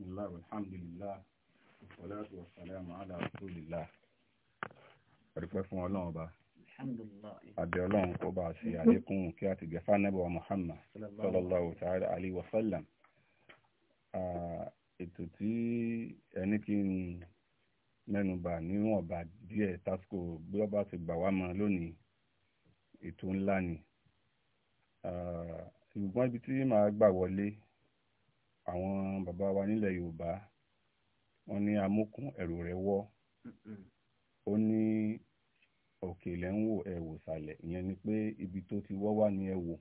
bismillah alhamdulillah wàláàtú wasalamu ala rasulillah àdúpẹ́ fún ọlọ́run ọba àbí ọlọ́run kó bá a ṣe àlékún kí a ti gẹ fánẹ́bọ̀ muhammad sallallahu ta'ala alayhi wa sallam ètò tí ẹni kí n mẹ́nubà níwọ̀nba díẹ̀ tásìkò bí wọ́n bá ti gbà wá mọ́ lónìí ètò ńlá ni ṣùgbọ́n ibi tí màá gbà wọlé àwọn bàbá wa nílẹ̀ Yorùbá wọ́n ní amókùn ẹ̀rù rẹ̀ wọ́ ó ní òkè lẹ́ ń wò ẹ wò sàlẹ̀ ìyẹn ni pé ibi tó ti wọ́ wá ni ẹ wò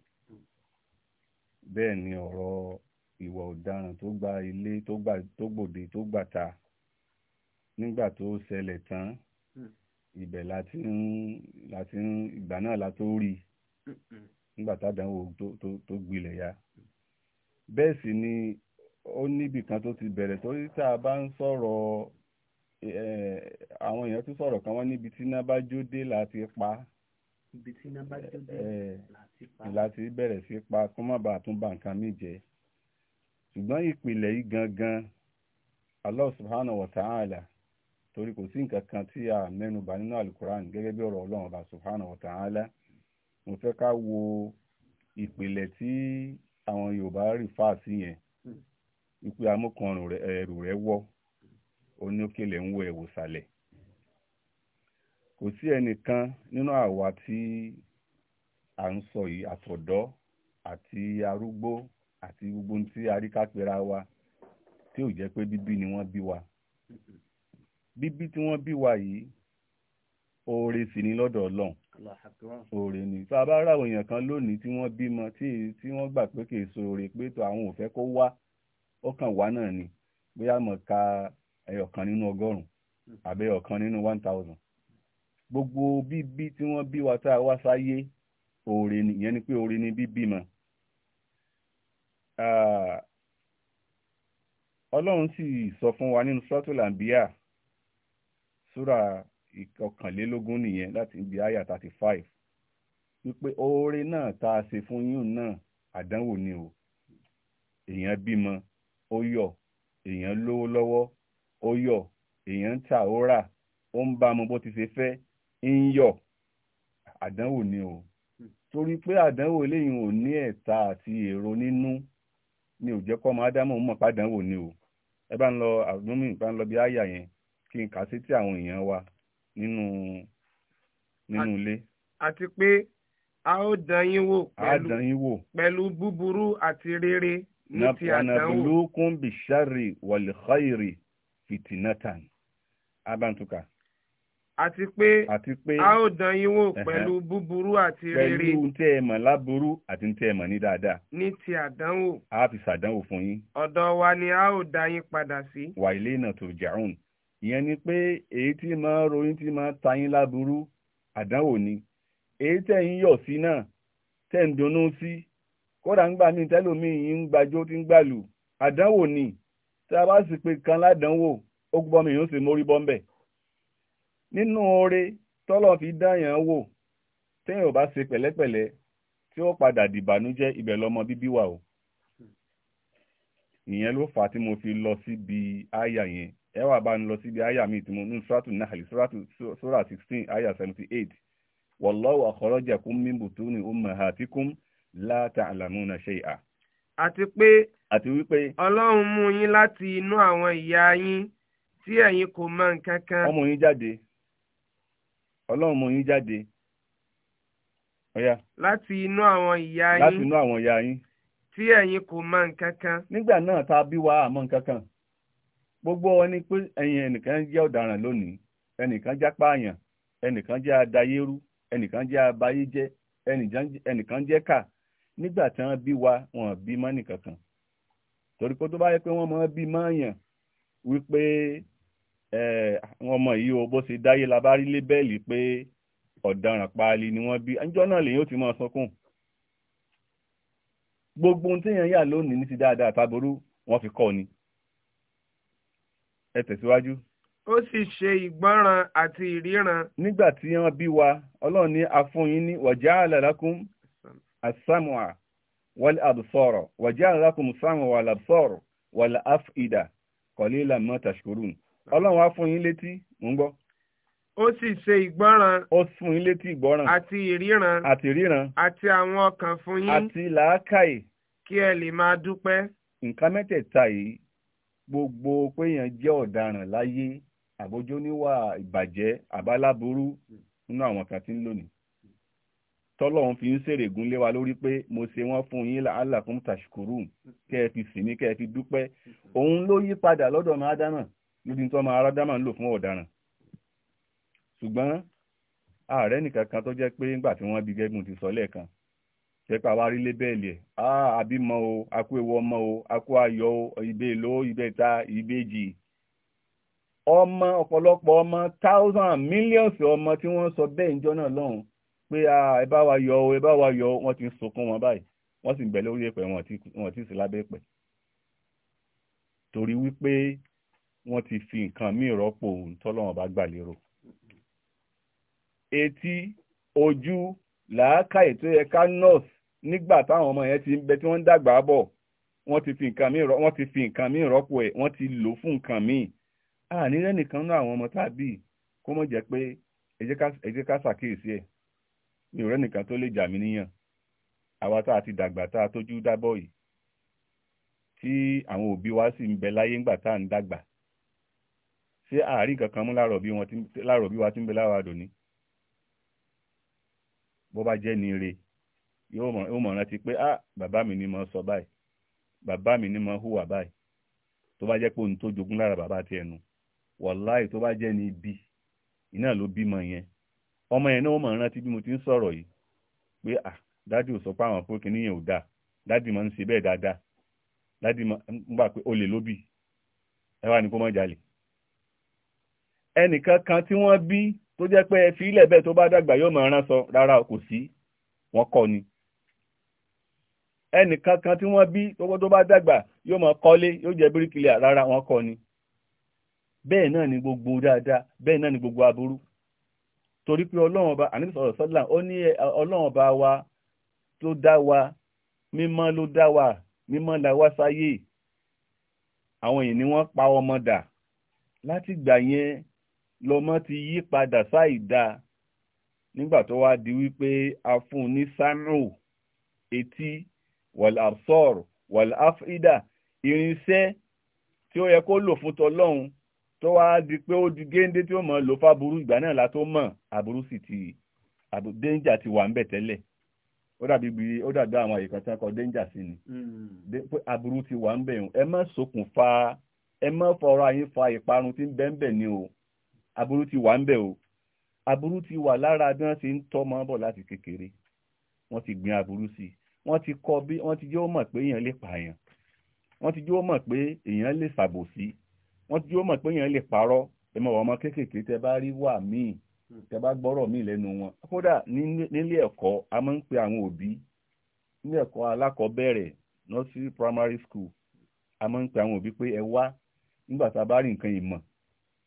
bẹ́ẹ̀ ni ọ̀rọ̀ ìwà ọ̀daràn tó gba ilé tó gbòde tó gbàta nígbà tó ṣẹlẹ̀ tán mm. ibẹ̀ láti ń ń ìgbà náà la tó rí nígbà tádàáwò tó gbilẹ̀ ya bẹ́ẹ̀ sì ni ó níbì kan tó ti bẹ̀rẹ̀ sórí tá a bá ń sọ̀rọ̀ àwọn èèyàn tún sọ̀rọ̀ kan wọ́n níbi tí iná pa ibi tí iná bá pa láti bẹ̀rẹ̀ sí pa kó má bàa tún ba nǹkan mí jẹ́ ṣùgbọ́n ìpìlẹ̀ yìí gangan Allah subhanahu wa ta'ala torí kò sí nǹkan kan tí a nínú alukuran gẹ́gẹ́ bí ọ̀rọ̀ ọlọ́run ọba subhanahu wa ta'ala mo wo ìpìlẹ̀ tí àwọn yorùbá rí yẹn wípé amúkanrùn ẹrù rẹ̀ wọ́ oníkèlè ń wo ẹ̀wò sàlẹ̀ kò sí ẹnìkan nínú àwa tí à ń sọ yìí àtọ̀dọ́ àti arúgbó àti gbogbo tí aríká pera wa tí ò jẹ́ pé bíbí ni wọ́n bí wa bíbí tí wọ́n bí wa yìí oore sì ni lọ́dọ̀ ọlọ́run oore ni tá a bá ra èèyàn kan lónìí tí wọ́n bímọ tí wọ́n gbà pé kì í so oore pé tó àwọn ò fẹ́ kó wá ó kàn wá náà ni bóyá mọ̀ ka ẹyọ̀kan nínú ọgọ́rùn-ún hmm. àbí ẹyọ̀kan nínú one thousand gbogbo bíbí tí wọ́n bí wa tá a wá sáyé oore ni ìyẹn ni pé oore ni bíbí mọ́ ah, ọlọ́run sì sọ fún wa nínú suratul anbiya súrà ìkọkànlélógún nìyẹn láti ibi àyà thirty five wípé oore náà tá a ṣe fún yín náà àdánwò ni o èèyàn bímọ ó yọ̀ èèyàn lówó lọ́wọ́ ó yọ̀ èèyàn ń tà ó rà ó ń bá mu bó ti ṣe fẹ́ ń yọ̀ àdánwò ni o hmm. torí pé àdánwò eléyìí ò ní ẹ̀ta àti èrò nínú ni ò jẹ́ kọ́ ọmọ ádámù mọ̀ pàdánwò ni o ẹ bá ń lọ àdúmí bá ń lọ bí àyà yẹn kí n kà sí tí àwọn èèyàn wa nínú nínú ilé. àti pé a ó dán yín wò pẹ̀lú búburú àti rere nabluukum bisharri wal khairi fitinatan abantuka àti pé àti pé a ó dán yín wò pẹ̀lú búburú àti rere pẹ̀lú tẹ́ ẹ mọ̀ láburú àti tẹ́ ẹ mọ̀ ní dáadáa. ní ti àdánwò. a fi ṣàdánwò fún yín. ọ̀dọ̀ wa ni a ó dá yín padà sí. wà ilé náà tó jàun ìyẹn ni pé èyí tí máa ròyìn tí máa ta yín láburú àdánwò ni èyí tẹ́ yọ̀ sí náà tẹ́ ń dunnú sí kódà ń gbà mí tẹ́lómi yìí ń gbàjó tí ń gbàlù àdánwò ni tí a bá sì pe kan ládánwò ó gbọ́ mi yóò sì mórí bọ́m̀bẹ̀ nínú oore tọ́lọ̀ fi dáyàn wò téèyàn ò bá ṣe pẹ̀lẹ́pẹ̀lẹ́ tí ó padà dìbànújẹ́ ibẹ̀ lọ́mọ bíbí wà o ìyẹn ló fà á tí mo fi lọ síbi àyà yẹn ẹ wà bá ń lọ síbi àyà mi tí mo ní suratu nahali sura sixteen àyà seventy eight wallahu akhrajakum min butuni ummahatikum la ta'lamuna shay'a. àti pé àti wípé ọlọ́run mú yín láti inú àwọn ìyá yín tí ẹ̀yin kò mọ nǹkan kan. ọmọ yín jáde ọlọ́run mú yín jáde ọ̀yà. láti inú àwọn ìyá yín láti inú àwọn ìyá yín. tí ẹ̀yin kò mọ nǹkan kan. nígbà náà tá a bí wa àmọ́ nǹkan kan gbogbo ẹni pé ẹ̀yin ẹnìkan jẹ́ ọ̀daràn lónìí ẹnìkan jẹ́ pààyàn ẹnìkan jẹ́ adayérú ẹnìkan jẹ́ abayéjẹ́ ẹnìkan jẹ́ kà nígbà tí wọ́n bí wa wọn bí mọ́ nìkankan torí pé tó bá yẹ pé wọ́n mọ́ bí mọ́ọ̀yàn wípé àwọn ọmọ yìí o bó ṣe dáyé labárí lébẹ́ẹ̀lì pé ọ̀daràn paálí ni wọ́n bí ẹjọ́ náà lèyìn ó ti máa sọkún gbogbo ohun téèyàn yà lónìí ní ti dáadáa taború wọ́n fi kọ́ ni ẹ tẹ̀síwájú. ó sì ṣe ìgbọ́ràn àti ìríran. nígbà tí wọ́n bí wa ọlọ́run ní a fún yín ní wàjá àlàlákún السمع والأبصار وجعل لكم السمع والأبصار والأفئدة قليلا ọlọ́run wá létí mò gbọ́. ó sì ṣe ìgbọ́ràn. ó fún yín létí ìgbọ́ràn. àti ìríran. àti ìríran. àti àwọn ọkàn fún yín. àti làákàyè. kí ẹ lè máa dúpẹ́. nǹkan mẹ́tẹ̀ẹ̀ta yìí gbogbo péyàn jẹ́ ọ̀daràn láyé ìbàjẹ́ àbáláburú nínú àwọn kan tí tọ́lọ́run fi ń ṣèrègùn lé wa mo ṣe wọ́n fún yín Allah fún tàṣkúrú kẹ́ ẹ fi sìn kẹ́ ẹ fi dúpẹ́ padà lọ́dọ̀ lórí ń lò fún ọ̀daràn ṣùgbọ́n ààrẹ nìkan kan tó jẹ́ pé ńgbà tí wọ́n bí gẹ́gùn ti sọ lẹ́ẹ̀kan rí ẹ̀ àbímọ o akú ewu ọmọ o akú ayọ̀ o ọmọ ọ̀pọ̀lọpọ̀ ọmọ thousand millions ọmọ tí wọ́n sọ bẹ́ẹ̀ náà lọ́hùn pé ẹ bá wa yọ ẹ bá wa yọ wọ́n ti ń sunkún wọn báyìí wọ́n sì ń bẹ̀ lórí ẹ̀pẹ̀ wọn ti sí lábẹ́ ẹ̀pẹ̀ torí wípé wọ́n ti fi nǹkan míì rọ́pò tọ́lọ́wọ́n bá gbà lérò etí ojú làákàyè tó yẹ ká nọ́ọ̀sì nígbà táwọn ọmọ yẹn ti ń bẹ tí wọ́n ń dàgbà bọ̀ wọ́n ti fi nǹkan míì wọ́n ti fi nǹkan míì rọ́pò ẹ̀ wọ́n ti lò fún nǹkan míì àní rẹ́nìkan náà àwọn ọmọ tàbí kó mọ̀ jẹ́ pé ẹ ká ṣàkíyèsí ẹ̀ mi ò rẹ́nìkan tó lè jà mí níyàn àwa tá a ti dàgbà tá a tójú dábọ̀ yìí tí àwọn òbí wa sì ń bẹ láyé ńgbà tá à ń dàgbà ṣé àárín kankan mú láàrọ̀ bí wa ti ń bẹ láwa dòní bó bá jẹ́ ni re yóò mọ̀ rántí pé ah bàbá mi ni mo sọ báyìí bàbá mi ni mo hùwà báyìí tó bá jẹ́ pé ohun tó jogún lára bàbá ti ẹnu wàláì tó bá jẹ́ ni ibi iná ló bímọ yẹn ọmọ yẹn náà ti mọ̀ rántí bí mo ti ń sọ̀rọ̀ yìí pé à dádì ò sọ pé àwọn ò dáa dádì máa ń ṣe bẹ́ẹ̀ dáadáa dádì ń gbà pé olè ẹ wá ní kó mọ̀ jalè ẹnìkan kan tí wọ́n bí tó jẹ́ pé ẹ fi ilẹ̀ bẹ́ẹ̀ tó bá dàgbà yóò rán sọ rárá kò sí wọ́n kọ́ ni ẹnìkan kan tí wọ́n bí tó bá dàgbà yóò kọ́lé yóò ni bẹ́ẹ̀ náà ni gbogbo dáadáa bẹ́ẹ̀ náà ni gbogbo aburú torí pé ọlọ́run ọba àníbi sọ̀rọ̀ sọ́dúnlá ó ní ọlọ́run ọba wa tó dá wa mímọ́ ló dá wa mímọ́ la sáyé àwọn èèyàn ni wọ́n pa ọmọ dà láti gbà yẹn lọmọ ti yí padà sáìdá nígbà tó wá di wípé a fún un ní sánú etí wàlàsọ̀rọ̀ wàlàfídà irinṣẹ́ tí ó yẹ kó lò fún tọlọ́run tó wá di pé ó di géńdé tí ó mọ̀ ló fà burú ìgbà náà la tó mọ̀ aburú sì ti déńjà ti wà ń bẹ̀ tẹ́lẹ̀ ó dàbí bí ó dàbí àwọn àyíká tí wọ́n kọ déńjà sí ni hmm. aburú ti wà ń bẹ̀ yẹn ẹ má ṣokùnfà ẹ má fọ̀rọ̀ ayé fa ìparun tí ń bẹ́ ń bẹ̀ ni o aburú ti wà ń bẹ̀ o aburú ti wà lára bí wọ́n ṣe ń tọ́ ọmọ bọ̀ láti kékeré wọ́n ti gbin aburú sí i wọ́n ti kọ́ bí wọ́n ti jẹ́ ó mọ̀ pé èèyàn lè pààyàn wọ́n ti jẹ́ ó mọ̀ pé èèyàn lè ṣàbòsí wọ́n ti mọ̀ pé yẹn lè parọ́ ẹ ọmọ kéékèèké tẹ bá rí wà míì hmm. tẹ bá gbọ́rọ̀ míì lẹ́nu wọn. kódà nílé ẹ̀kọ́ a máa ń pe àwọn òbí nílé ẹ̀kọ́ alákọ̀ọ́bẹ̀rẹ̀ nursery primary school a máa ń pe àwọn òbí pé ẹ wá nígbà tá a bá rí nǹkan ìmọ̀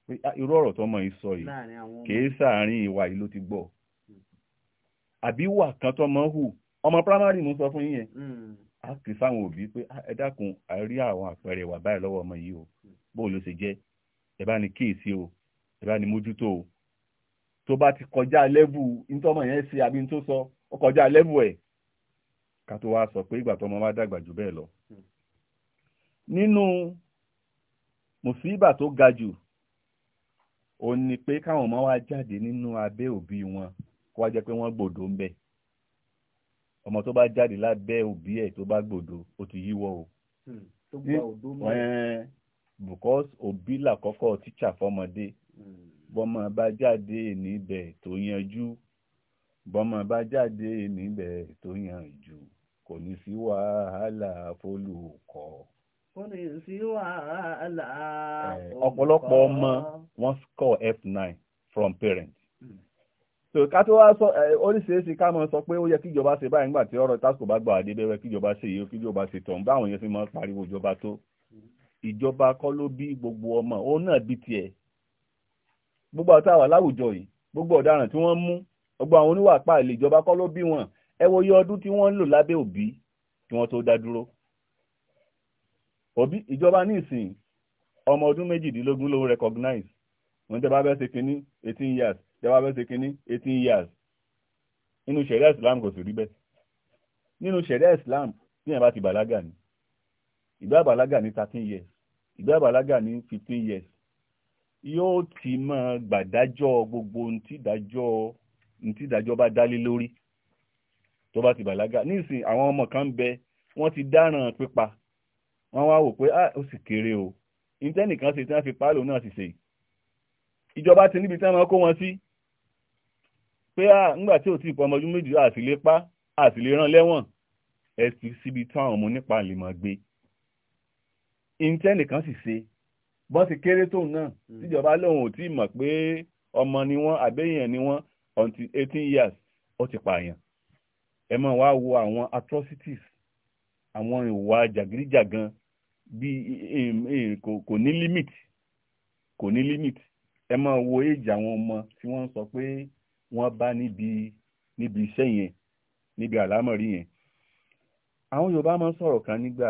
pé ah, irú ọ̀rọ̀ yìí sọ bó ló ṣe jẹ́ ẹ bá ní kíyèsí o ẹ bá ní mójútó o tó bá ti kọjá lẹ́bù nítọ́mọ yẹn ṣe àbí tó sọ ó kọjá lẹ́bù ẹ̀ ká tó wá sọ pé ìgbà tọmọ wá dàgbà jù bẹ́ẹ̀ lọ. nínú mùsíbà tó ga jù ó ní pé káwọn ọmọ wa jáde nínú abẹ́ òbí wọn kó wá jẹ́ pé wọ́n gbòdó ń bẹ̀ ọmọ tó bá jáde lábẹ́ òbí ẹ̀ tó bá gbòdó ó ti yíwọ́ o. Hmm, tó gba òdó mọ́ ẹ̀ because òbí làkọ́kọ́ tíṣà fọmọdé hmm. bọ́mọ bá jáde níbẹ̀ tó yanjú bọ́mọ bá jáde níbẹ̀ tó yanjú kò ní sí wàhálà fólùkọ́. kò ní sí wàhálà. Eh, ọ̀pọ̀lọpọ̀ ọmọ wọ́n score f9 from parents. Hmm. so ká tó wá sọ eh, oríṣiríṣi ká máa sọ pé ó yẹ kíjọba ṣe báyìí nígbà tí ọ̀rọ̀ tásìkò bá gbà wá débẹ̀ kíjọba ṣe èyí kíjọba ṣe tọ̀hún báwọn yẹn ti máa pariwo ìjọba tó ìjọba kọ́ ló bí gbogbo ọmọ òun náà bí tiẹ̀ gbogbo ọ̀tá wà láwùjọ yìí gbogbo ọ̀daràn tí wọ́n mú gbogbo àwọn oníwà pààlè ìjọba kọ́ ló bí wọn ẹ wo iye ọdún tí wọ́n ń lò lábẹ́ òbí kí wọ́n tó dá dúró òbí ìjọba ní ìsìn ọmọ ọdún méjìdínlógún ló recognize wọ́n tẹ́ bá ṣe kínní eighteen years tẹ́ bá ṣe kínní eighteen years nínú ṣẹ̀ríà Islam kò sì rí bẹ́ẹ̀ nínú ṣẹ̀ríà Islam bí yẹn bá ti bàlágà ni ìgbà bàlágà ni thirteen years ìgbà àbàlágà ní fifteen years yóò ti máa gbàdájọ́ gbogbo ntídájọ́ ntídájọ́ bá dálé lórí tó bá ti bàlágà nísìn àwọn ọmọ kan bẹ wọ́n ti dáràn pípa wọ́n wá wò pé ah ó sì kéré o ìtẹ́nìkan ṣe tí wọ́n fi páàlò náà sì ṣe ìjọba ti níbi tí wọ́n kó wọn sí pé à ah, ńgbà tí ò tí ìpọ̀ ọmọ ọdún méjì àti lè pa àti lè rán lẹ́wọ̀n ẹ ti síbi táwọn ọmọ nípa lè máa gbé intẹ́nìkan sì ṣe bọ́n ti kéré tóun náà hmm. tíjọba lóun ò tí ì mọ̀ pé ọmọ ni wọ́n àbẹ́yẹn ni wọ́n until eighteen years ó ti pààyàn ẹ máa wá wo àwọn atrocities àwọn ìwà jàgídíjàgan bí kò ní limit kò ní limit ẹ máa wo èjì àwọn ọmọ tí wọ́n ń sọ pé wọ́n bá níbi níbi iṣẹ́ yẹn níbi àlámọ̀rí yẹn àwọn Yorùbá máa ń sọ̀rọ̀ kan nígbà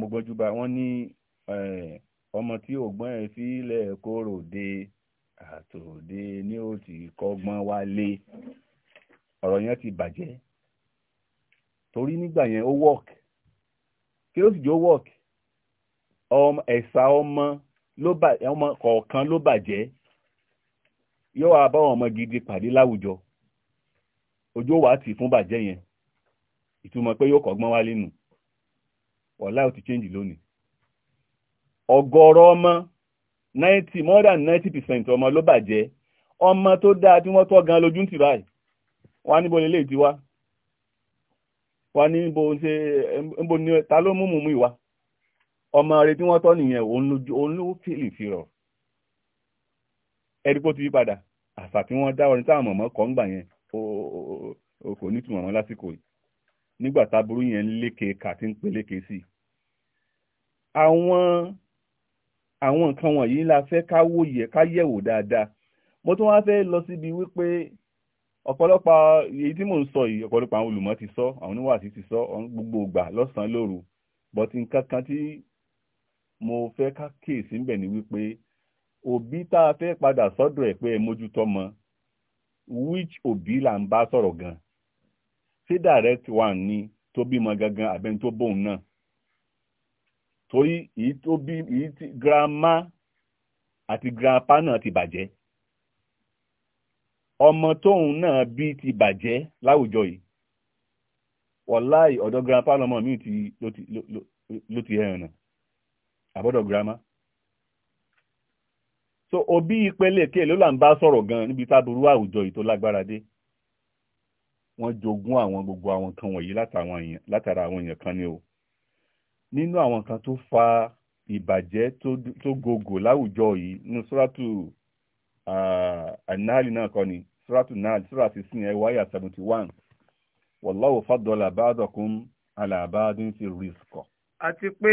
mọ̀gbọ́njúbà wọ́n ní Eh, ọmọ tí ògbọ́n ẹ̀ sílẹ̀ kóró de àtòde ní ó ti kọ́gbọ́n wálé ọ̀rọ̀ yẹn ti bàjẹ́ torí nígbà yẹn ó work kí ló sì jọ work ẹ̀sà ọmọ kọ̀ọ̀kan ló bàjẹ́ yóò wá bá ọmọ gidi pàdé láwùjọ ojú ó wà á tì fún bàjẹ́ yẹn ìtumọ̀ pé yóò kọ́gbọ́n wálé nù ọ̀la ó ti change lónìí ọ̀gọ̀rọ̀ ọmọ ninety more than ninety percent ọmọ ló bàjẹ́ ọmọ tó dáa tí wọ́n tọ́ gan lójú ń tì báyìí wọ́n á níbo lè léè ti wá wọ́n á ní bo ṣe níbo ni ta ló mú mùmú ìwà ọmọ rẹ tí wọ́n tọ́ nìyẹn òun ló fèlè fi rọ̀ ẹ̀rí ti yí padà àṣà tí wọ́n dá orin táwọn mọ̀mọ́ kọ́ ń gbà yẹn o kò nítumọ̀ wọn lásìkò yìí nígbà táburú yẹn lékè kà tí ń peléke sí i àwọn àwọn nǹkan wọ̀nyí la fẹ́ ká wòye ká yẹ̀wò dáadáa mo tún wá fẹ́ lọ síbi wípé ọ̀pọ̀lọpọ̀ èyí tí mò ń sọ yìí ọ̀pọ̀lọpọ̀ àwọn olùmọ̀ ti sọ àwọn oníwàásí ti sọ gbogbo ìgbà lọ́sàn-án lóru but nǹkan kan tí mo fẹ́ ká kíyèsí ńbẹ̀ ni wípé òbí tá a fẹ́ padà sọ́dọ̀ ẹ̀ pé ẹ mójútọ́mọ which òbí là ń bá sọ̀rọ̀ gan ṣé direct one ni tó bímọ gangan àbẹ́ni tó bóun náà torí èyí tó bí èyí tí girama àti grandpa náà ti bàjẹ́ ọmọ tóun náà bí ti bàjẹ́ láwùjọ yìí wọláì ọ̀dọ̀ grandpa lọmọ mi ti ló ti ẹ̀rànà àbọ̀dọ̀ grandma. so òbí ìpele èké ló là ń bá sọ̀rọ̀ gan níbi táburú àwùjọ yìí tó lágbára dé wọ́n jogún àwọn gbogbo àwọn kan wọ̀nyí látara àwọn èèyàn kan ni o nínú àwọn kan tó fa ìbàjẹ́ tó gogò láwùjọ yìí nínú sóràtù ah, anáàlì náà kọ́ ni sóràtù náà sórà sísìn ẹ̀ wáyà seventy one wallahu faddala ba'dakum ala ba'din fi rizqa. àti pé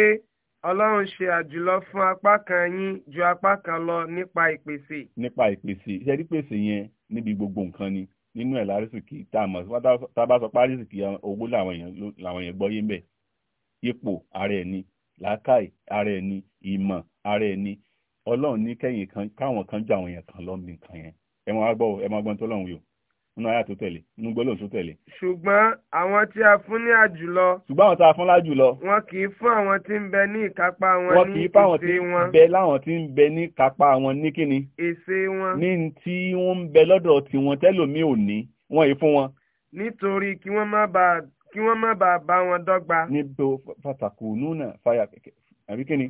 ọlọ́run ṣe àjùlọ fún apá kan yín ju apá kan lọ nípa ìpèsè. nípa ìpèsè iṣẹ́ rí pèsè yẹn níbi gbogbo nǹkan ni nínú ẹ̀ lárísìkì tá a mọ̀ tá a bá sọ párísìkì owó làwọn èèyàn gbọ́ yé ń ipò ara ẹni làákàì ara ẹni ìmọ̀ ara ẹni ọlọ́run ní kẹ́yìn kan káwọn kan ju àwọn èèyàn kan lọ ní nǹkan yẹn ẹ máa gbọ́ ẹ máa gbọ́n tó lọ́run yìí o nínú àyà tó tẹ̀lé nínú gbólóhùn tó tẹ̀lé. ṣùgbọ́n àwọn tí a fún ní àjùlọ. ṣùgbọ́n àwọn tí a fún lájùlọ. wọn kì í fún àwọn tí ń bẹ ní ìkápá wọn ní ìṣe wọn. wọn kì í fún àwọn tí ń bẹ láwọn tí ń bẹ ní ìkápá wọn ní kíni. èsè wọn. ní tí wọ́n ń bẹ lọ́dọ̀ tiwọn tẹ́lòmíì ò ní wọ́n yìí fún wọn. nítorí kí wọ́n má bàa kí wọ́n má bàa bá wọn dọ́gba. níbo pàtàkì ònúnà fàyà kẹ̀kẹ́ àbí kíni.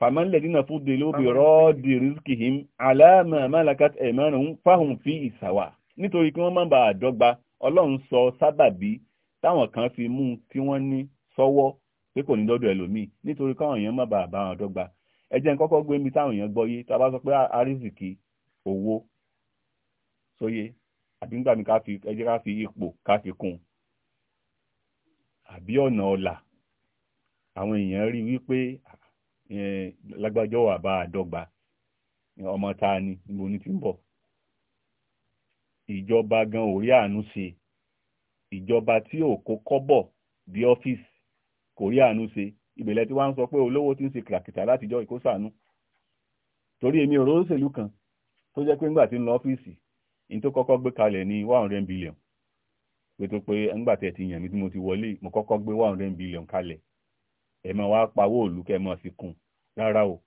fàmánlẹ̀ dínà fún délé ó bí rọ́ọ̀dì rìsíkì him aláàmà malakat ẹ̀mẹ́rin fáhùn fi ìsàwà nítorí kí wọ́n má bàa dọ́gba ọlọ́run sọ sábàbí táwọn kan fi mú tí wọ́n ní sọ́wọ́ pé kò ní dọ́dọ̀ ẹlòmíì nítorí káwọn èèyàn má bàa bá wọn dọ́gba ẹ jẹ́ n kọ́kọ́ gbé mi táwọn àbí nígbà mi ká fi ẹ ká fi ipò ká fi kún un àbí ọ̀nà ọ̀la àwọn èèyàn rí wípé lágbájọ́ wà bá àdọ́gba ọmọ ta ni níbo ni ti ń bọ̀ ìjọba gan orí àánú ṣe ìjọba tí ò kọ́bọ̀ bí ọ́fíìsì kò rí àánú ṣe ìbẹ̀lẹ̀ tí wọ́n ń sọ pé olówó ti ń ṣe kìràkìtà látijọ́ ìkóṣàánú torí èmi òróró òṣèlú kan tó jẹ́ pé ńgbà tí ń lọ ọ́fíìsì ní tó kọ́kọ́ gbé kalẹ̀ ní one hundred billion pé tó pé ńgbà tẹ̀ ti yàn mí tí mo ti wọlé mo kọ́kọ́ gbé one hundred billion kalẹ̀ ẹ̀ mọ̀ wá pawó òlu kẹ́ mọ̀ fi kún rárá o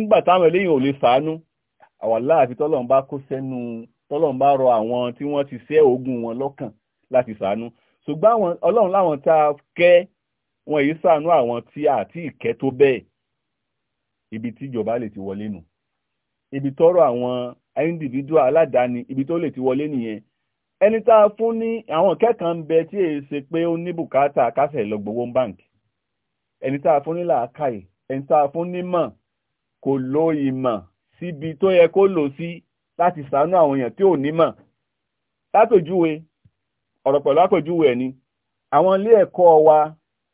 ńgbà táwọn eléyìí ò lè sàánú àwàlá àfi tọ́lọ́run bá kó sẹ́nu tọ́lọ́run bá rọ àwọn tí wọ́n ti sẹ́ ogun wọn lọ́kàn láti sàánú ṣùgbọ́n ọlọ́run láwọn tá a kẹ́ wọn èyí sàánú àwọn tí àti ìkẹ́ tó bẹ́ẹ̀ ibi tí ìjọba lè ti wọlé nù ibi tọ́rọ̀ àwọn individual aládàáni ibi tó lè ti wọlé nìyẹn ẹni tá a fún ní àwọn kẹ́kàn ń bẹ tí èyí ṣe pé ó ní bùkátà kásẹ̀ lọ gbowó ń báǹkì ẹni tá a fún ní làákàyè ẹni tá a fún ní mọ̀ kò lo ìmọ̀ síbi tó yẹ kó lò sí láti sàánú àwọn èèyàn tí ò ní mọ̀ látòjúwe ọ̀rọ̀ pẹ̀lú àpèjúwe ẹ̀ ni àwọn ilé ẹ̀kọ́ wa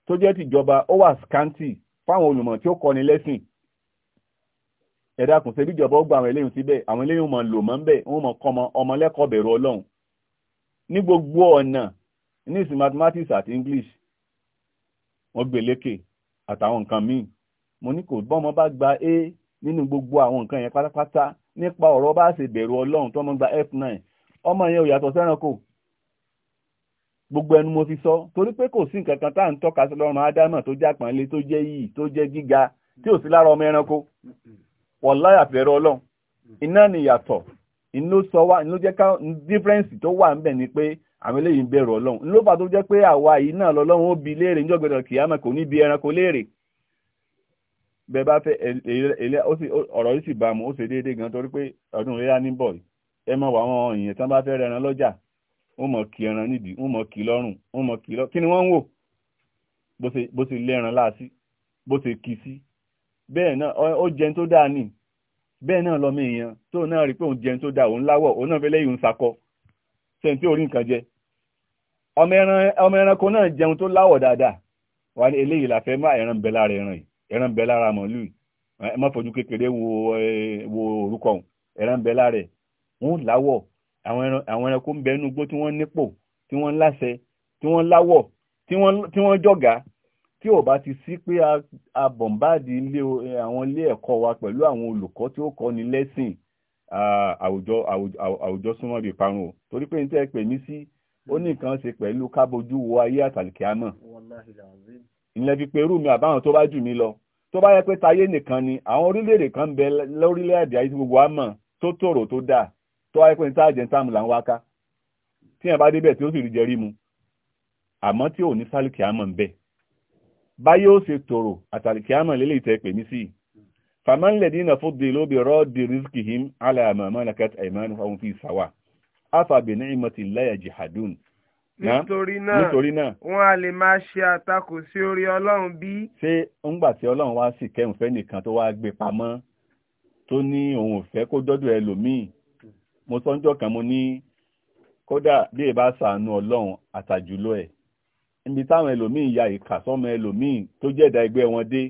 tó jẹ́ tìjọba ó wà scanty fáwọn olùmọ̀ tí ó kọ́ni lẹ́sìn ẹ̀dá kùn ṣe bíjọba ó gba àwọn eléyìí síbẹ̀ àwọn eléyìí wọn lò mọ́ ń bẹ̀ wọn mọ̀ kọ́ ọmọ ọmọlẹ́kọ̀ọ́ bẹ̀rù ọlọ́run ní gbogbo ọ̀nà ní ìsìn mathematics àti English wọ́n gbé lékè àtàwọn nǹkan míì mo ní kò bọ́mọ bá gba a nínú gbogbo àwọn nǹkan yẹn pátápátá nípa ọ̀rọ̀ bá ṣe bẹ̀rù ọlọ́run tọ́mọ gba f9 ọmọ yẹn ò yàtọ̀ sẹ́ranko gbogbo ẹnu mo fi sọ torí pé kò sí nǹkan kan tá à ń tọ́ka sí lọ́rùn ádámà tó jẹ́ àpọ́nlé tó jẹ́ yìí tó jẹ́ gíga tí ò sí lára ọmọ ẹranko wọ̀láyà fẹ̀rẹ̀ ọlọ́run iná nìyàtọ̀ inú sọ wá inú jẹ́ ká dífẹ́rẹ́ǹsì tó wà ńbẹ̀ ni pé àwọn eléyìí ń bẹ̀rù ọlọ́run ló fà tó jẹ́ pé àwa yìí náà bi léèrè níjọ́ gbẹdọ̀ ko kò bi ẹranko léèrè bẹ́ẹ̀ bá fẹ́ ọ̀rọ̀ yìí sì bá mu ó ṣe déédéé gan torí pé ọdún rẹ̀ ní bọ̀ ẹ mọ̀ èèyàn bá fẹ́ lọ́jà ó mọ̀ kí ẹran nídìí ó mọ̀ kí lọ́rùn ó mọ̀ kí kí ni wọ́n ń wò bó ṣe lé ẹran láàsí bó ṣe sí bẹ́ẹ̀ náà lọ́mọ èèyàn tóun náà rí pé òun jẹun tó da òun láwọ̀ òun náà fẹ́ lẹ́yìn òun sakọ ṣe tí orí nǹkan jẹ ọmọ ẹranko náà jẹun tó láwọ̀ dáadáa wà ní eléyìí la fẹ́ má ẹran bẹ lára ẹran yìí ẹran bẹ lára mọ̀lúù ẹ má fojú kékeré wo orúkọ òun ẹran bẹ lára ẹ̀ wọ́n láwọ̀ àwọn ẹranko ń bẹ inú igbó tí wọ́n nípò tí wọ́n láṣẹ tí wọ́n láwọ̀ tí wọ́n jọ̀gá tí ò bá ti sí pé a bọ̀m̀báàdì eh, àwọn ilé ẹ̀kọ́ wa pẹ̀lú àwọn olùkọ́ tí ó kọ́ ni lẹ́sìn àwùjọ àwùjọ súnmọ́ bíi parun o torí pé n tẹ́ pè mí sí ó ní nǹkan ṣe pẹ̀lú kábojú wo ayé àtàlìkẹ́ àmọ́ ìlẹ̀ fi pé irú mi àbáwọn tó bá jù mí lọ tó bá yẹ pé tayé nìkan ni àwọn orílẹ̀-èdè kan ń bẹ lórílẹ̀-èdè ayé tí gbogbo wa mọ̀ tó tòrò tó dáa tó wáyé pé ní táàjẹ̀ ń táàmù là ń wá tí yẹn bá débẹ̀ tí ó sì rí jẹrí mu àmọ́ tí ò ní sálìkì àmọ́ ń bẹ́ẹ̀ báyé ó ṣe tòrò àtàlìkíámọ̀ lélẹ̀ ìtẹ́ pè mí sí fàmánlẹ̀ dínà fún di ló bí rọ́ọ̀dì rìsíkì him aláàmà mọ́nàkẹ́tì àìmọ́nù fáwọn fi sàwà afàbì ní ìmọ̀tì láyà jihadun. nítorí náà wọn a lè máa ṣe àtakò sí orí ọlọ́run bí. ṣé ńgbà tí ọlọ́run wá sì kẹ́hùn fẹ́ nìkan tó wáá gbé pamọ́ tó ní òun ò fẹ́ kó dọ́dọ̀ ẹlòmíì mo sọ́njọ́ kan mo ní kódà bí ẹ bá ṣàánú ọlọ́run àtàjùlọ ẹ̀ níbi táwọn ẹlòmíín ya ìkà sọ́mọ ẹlòmíín tó jẹ́dá ẹgbẹ́ wọn dé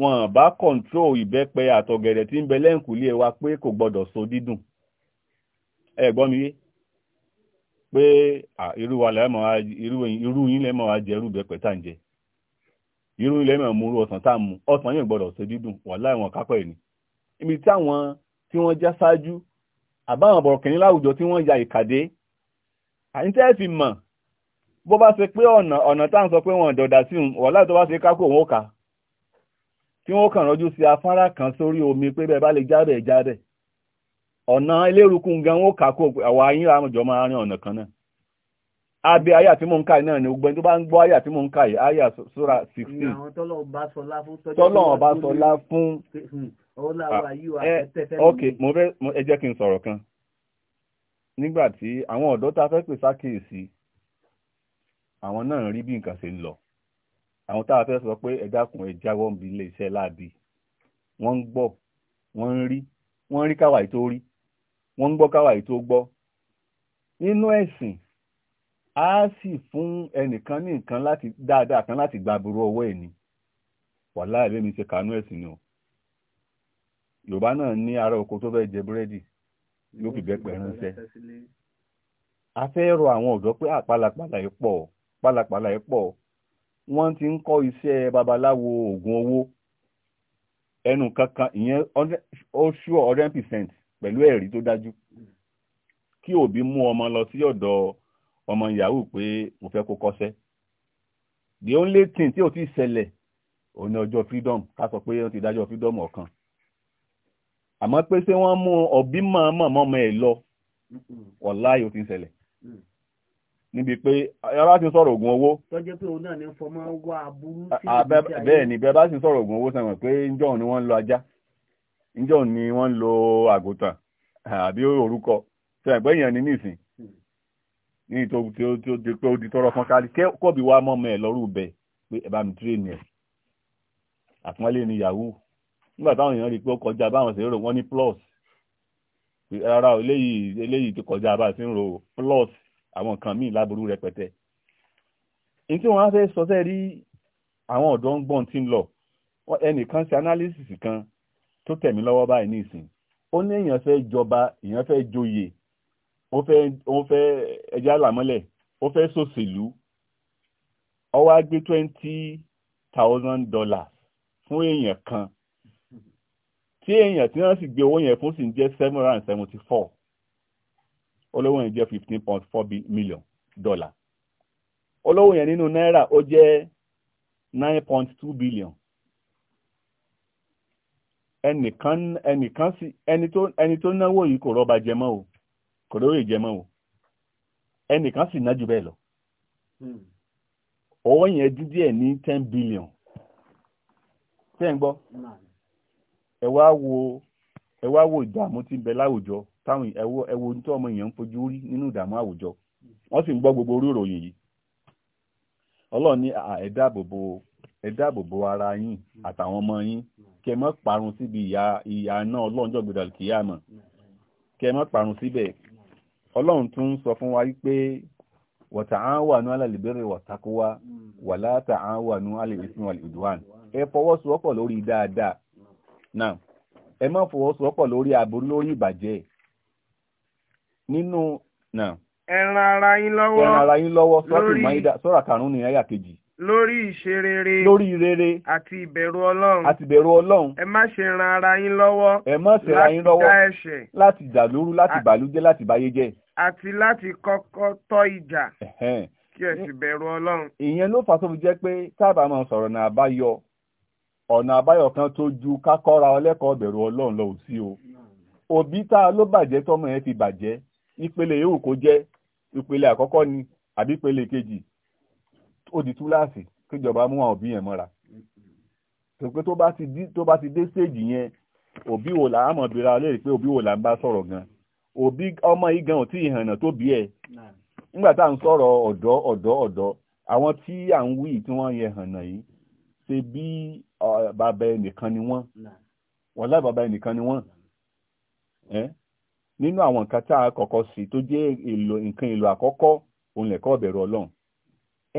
wọn bá kọ̀ǹtró ìbẹ́pẹ àtọ̀gẹ̀dẹ̀ tí ń bẹ lẹ́ǹkùlé wa pé kò gbọ́dọ̀ so dídùn ẹ gbọ́ mi yé pé irú wa lẹ́mọ̀ irú yín lẹ́mọ̀ wa jẹ irú ìbẹ́pẹ tá ń jẹ irú yín lẹ́mọ̀ mú ọsàn tá ń mu ọsàn yẹn gbọ́dọ̀ so dídùn wà láìwọ̀n kápẹ́ ni ibi táwọn tí wọ́n já ṣáájú àbáwọn bọ̀rọ̀kìnrin láwùjọ tí wọ́n ya ìkàdé àyíntẹ́ fi mọ̀ bó bá ṣe pé ọ̀nà ọ̀nà tá à ń sọ pé wọn dọ̀dà sí òun wọ̀lá tó bá ṣe kákò wọn ó kà kí wọ́n kàn rọ́jú sí afárá kan sórí omi pé bẹ́ẹ̀ bá lè jábẹ̀ jábẹ̀ ọ̀nà elérukú gan ó kà kó àwọn ayín àmọ̀jọ́ máa rin ọ̀nà kan náà abẹ́ àyà tí mò ń náà ni gbogbo tó bá ń gbọ́ àyà tí mò yìí àyà sura sixteen tọ́lọ́run bá sọlá fún hmm, ah, ok mo fẹ́ ẹ jẹ́ kí n sọ̀rọ̀ kan nígbà tí àwọn ọ̀dọ́ ta fẹ́ pè sákèésí àwọn náà rí bí nǹkan ṣe ń lọ àwọn tá a fẹ́ sọ pé ẹ dákun ẹ jáwọ́ ń bi iléeṣẹ́ láabi wọ́n ń gbọ́ wọ́n ń rí wọ́n ń rí káwa yìí rí wọ́n ń gbọ́ káwa yìí gbọ́ nínú ẹ̀sìn á sì fún ẹnìkan ní nǹkan láti dáadáa kan láti gba aburú ọwọ́ ẹ̀ ni wàhálà ẹ̀rẹ́ mi ṣe kàánú ẹ̀sìn ni o yorùbá náà ní ara oko tó fẹ́ jẹ búrẹ́dì yóò fi bẹ́ẹ̀ pẹ̀ ránṣẹ́ a fẹ́ rọ àwọn ọ̀dọ́ pé àpàlàpàlà yìí pọ̀ ọ́ pálapàla ẹ̀ pọ̀ wọ́n ti ń kọ́ iṣẹ́ babaláwo oògùn owó ẹnu kankan ìyẹn ó hundred percent pẹ̀lú ẹ̀rí tó dájú kí òbí mú ọmọ lọ sí ọ̀dọ̀ ọmọ yahoo pé mo fẹ́ kó kọ́ṣẹ́ the only thing tí ò ti ṣẹlẹ̀ òun ni ọjọ́ freedom ká sọ pé wọ́n ti dájọ́ freedom ọ̀kan àmọ́ pé ṣé wọ́n mú ọbí mọ̀ọ́mọ̀ mọ́mọ́ ẹ̀ lọ wọ̀láyò ti ń ṣẹlẹ̀ mm níbi pé ẹbá ti sọ̀rọ̀ ògùn owó tọ́jẹ́ pé òun náà ní fọmọ́ wá aburú sí ìgbésí bẹ́ẹ̀ ni bẹ́ẹ̀ bá ti sọ̀rọ̀ ògùn owó sẹ́wọ̀n pé ńjọ́ ni wọ́n ń lo ajá ńjọ́ ni wọ́n ń lo àgùntàn àbí orúkọ sẹ́wọ̀n pé èèyàn hmm. ní nìsín ní tó tí ó tí ó di pé ó di tọrọ kan kárí kọ́bí wa mọ́ ọmọ ẹ̀ lọ́rù bẹ̀ pé ẹ bá mi tírèèni ẹ̀ àpọ́nlé ni yahoo nígbà táwọn èèyàn rí i pé ó kọjá báwọn ṣe rò wọ́n ní plus rárá eléyìí eléyìí ti kọjá bá a ti ń rò plus àwọn nǹkan míì láburú rẹpẹtẹ ní tí wọ́n á fẹ́ sọ sẹ́ẹ̀ rí àwọn ọ̀dọ́ ń gbọ́n tí ń lọ ẹnìkan ṣe analysis kan tó tẹ̀mí lọ́wọ́ báyìí nísìn ó ní èèyàn fẹ́ jọba èèyàn fẹ́ joyè ó fẹ́ ó fẹ́ ẹja làmọ́lẹ̀ ó fẹ́ ṣòṣèlú ó wá gbé twenty thousand dollars fún èèyàn kan tí èèyàn tí wọ́n sì gbé owó yẹn fún sì ń jẹ́ seven hundred and seventy four olówó yẹn jẹ́ fifteen point four million dollar olówó yẹn nínú náírà ó jẹ́ nine point two billion ẹnìkan ẹnìkan sí ẹni tó ẹni tó náwó yìí kò rọ́ba jẹmọ́ o kò lóye jẹmọ́ o ẹnìkan sì ná jù bẹ́ẹ̀ lọ hmm. owó yẹn dídí ẹ̀ ní ten billion ṣé ń gbọ́ ẹ wá wo ẹ wá wo ìdààmú tí ń bẹ láwùjọ táwọn ẹwọ ẹwọ tó ọmọ èèyàn ń fojú rí nínú ìdààmú àwùjọ wọ́n sì ń gbogbo orí ìròyìn yìí ọlọ́run ní ẹ dáàbò ara yín àtàwọn ọmọ yín kẹ parun síbi ìyà náà ọlọ́run jọ kì í parun tún sọ fún wa pé wata'awanu ẹ fọwọ́sowọ́pọ̀ lórí dáadáa ẹ má fọwọ́sowọ́pọ̀ lórí aburú lórí ìbàjẹ́ nínú náà. ẹ ran ara yín lọ́wọ́ ẹ ran ara yín lọ́wọ́ sọ́ọ̀tì máyídà sọ́ra karùn-ún ní ẹ̀yà kejì. lórí ìṣe rere lórí rere àti ìbẹ̀rù ọlọ́run àti ìbẹ̀rù ọlọ́run. ẹ má ṣe ran ara yín lọ́wọ́ ẹ má ṣe ra yín lọ́wọ́ láti dá ẹ̀ṣẹ̀ láti dàlúrú láti bàlújẹ́ láti báyéjẹ́. àti láti kọ́kọ́ tọ́ ìjà kí ẹ sì bẹ̀rù ọlọ́run. ìyẹn ló fà tó jẹ́ pé tábà máa sọ̀rọ̀ náà àbáyọ ọ̀nà àbáyọ kan tó ju kákọ́ra ọlẹ́kọ̀ọ́ bẹ̀rù ọlọ́run lọ sí o òbí tá a ló bàjẹ́ tọ́mọ yẹn fi bàjẹ́ ìpele kó jẹ́ ìpele àkọ́kọ́ ni àbí ìpele kejì ó di túláàsì kíjọba mú àwọn òbí yẹn mọ́ra pé tó bá ti dé stage yẹn òbí wo là mọ̀ bíra léèrè pé òbí wo là ń bá gan òbí ọmọ yìí gan ò tí ì tó bí nígbà tá à ń sọ̀rọ̀ ọ̀dọ́ ọ̀dọ́ ọ̀dọ́ àwọn ṣe bí bàbá ẹnìkan ni wọ́n wọ́n láì bàbá ẹnìkan ni wọ́n nínú àwọn nǹkan tá a kọ́kọ́ sí tó jẹ́ èlò nǹkan èlò àkọ́kọ́ òun lẹ̀kọ́ ọ̀bẹ̀rù ọlọ́run